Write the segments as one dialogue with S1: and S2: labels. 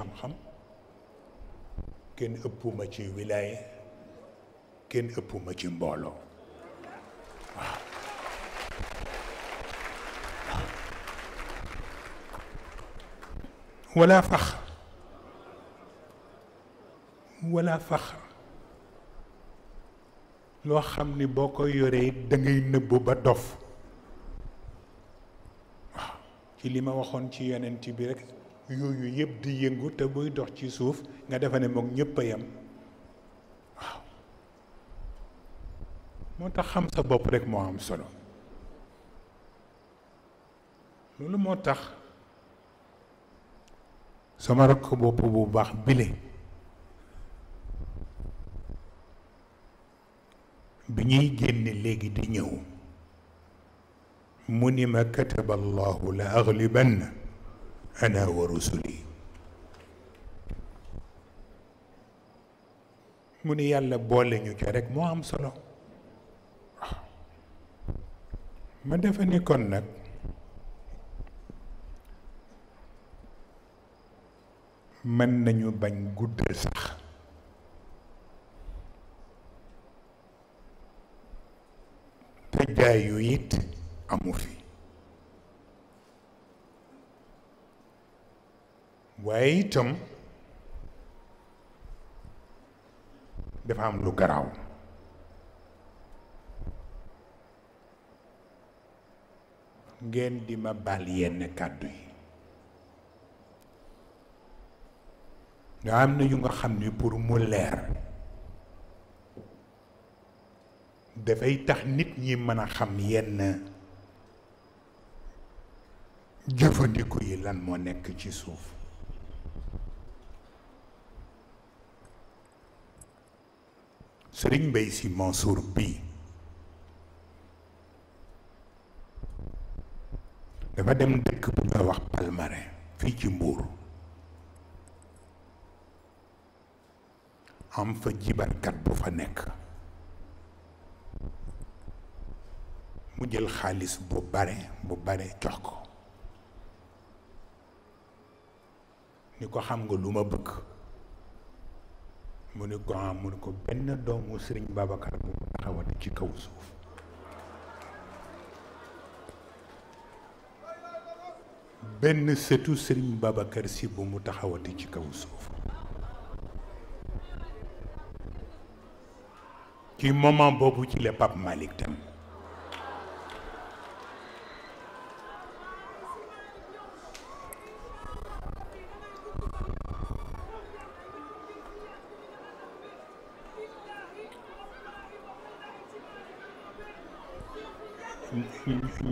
S1: xam-xam kenn ëppuma ci wilaaye kenn ëppuma ci mbooloo waaw wala fax wala fax loo xam ni boo koy yoree da ngay nëbbu ba dof ci li ma waxoon ci yeneen bi rek yooyu yëpp di yëngu te buy dox ci suuf nga defe ne moom ñëpp a yem waaw moo tax xam sa bopp rek moo am solo loolu moo tax sama rakk bopp bu baax bile bi ñuy génne léegi di ñëw mu ni ma kataba allahu la aglibanna ana wa mu ni yàlla boole ñu ca rek moo am solo ma defa kon nag mën nañu bañ guddal sax te jaay amu fi waaye itam dafa am lu garaw ngeen di ma baal yenn kàddu yi nga am na yu nga xam ni pour mu leer dafay tax nit ñi mën a xam yenn jëfandiku yi lan moo nekk ci suuf sëriñ Mbay Si Mansour bi dafa dem dëkk bu nga wax Palmarin fii ci Mbuur am fa jibarkat bu fa nekk mu jël xaalis bu bare bu bare jox ko ni ko xam nga lu ma bëgg mu ni ko am ah, mu ni ko benn doomu sëriñ Babacar bu taxawati ci kaw suuf benn sëtu sëriñ Babacar si bu mu taxawati ci kaw suuf ci moment boobu ci la Pape Malick tam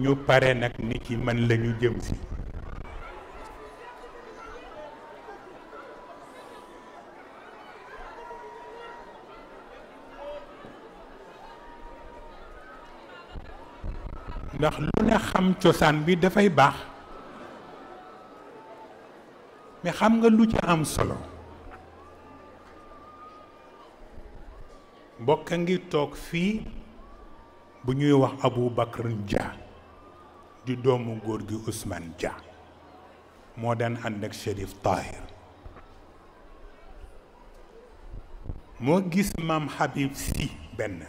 S1: ñu pare nag ni ci man lañu jëm si ndax lu ne xam cosaan bi dafay baax mais xam nga lu ci am solo mbokk a ngi toog fii bu ñuy wax abu Bakr Dia di doomu góor gi usmaan Dia moo daan ànd ak Chérif Tahir moo gis maam Habib Sy benn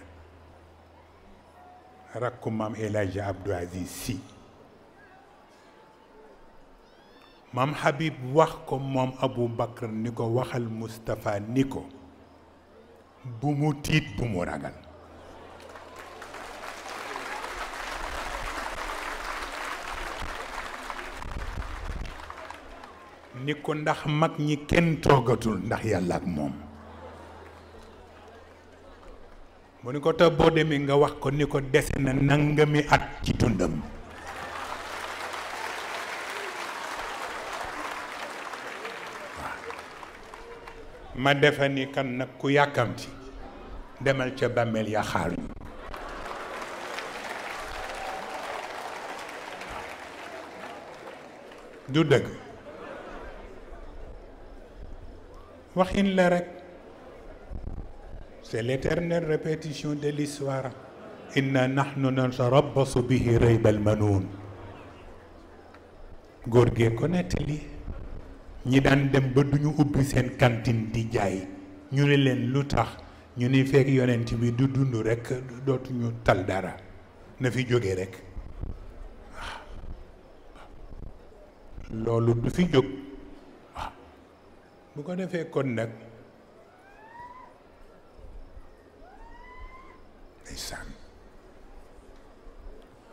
S1: rakku maam El Hadji Abdou Aziz Sy maam Habib wax ko moom Abou Bakr ni ko waxal Moustapha ni ko bu mu tiit bu mu ragal ni ko ndax mag ñi kenn toogatul ndax yàlla ak moom mu ni ko te boo demee nga wax ko ni ko dese na nangami at ci dundam ma defe ni kan nag ku yàkkamti demal ca bàmmeel ya xaar du dëgg waxin la rek c'est l'éternelle répétition de l'histoire inna nahnu natarabbasu bihi raybal manuun góor gee ko nettali ñi daan dem ba duñu ubbi seen kantin di jaay ñu ne leen lu tax ñu ni fekk yonent bi du dund rek dootuñu tal dara na fi jóge rek loolu du fi jóg bu ko defee kon nag ndeysaan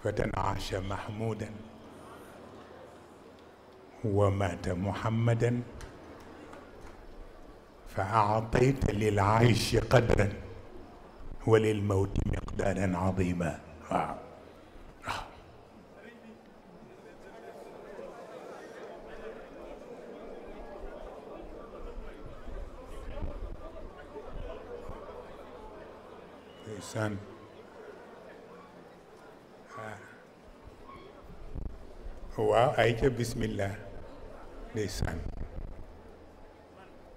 S1: fatan aasha mahmudan wa mata muhammadan fa aatayta lil aishi qadran wa lil mawti miqdaaran azima waaw ndeysaan waaw ay ca bismillah ndeysaan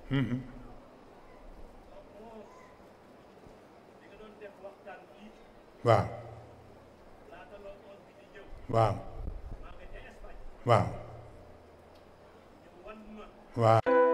S1: mhm. waaw waaw waaw waaw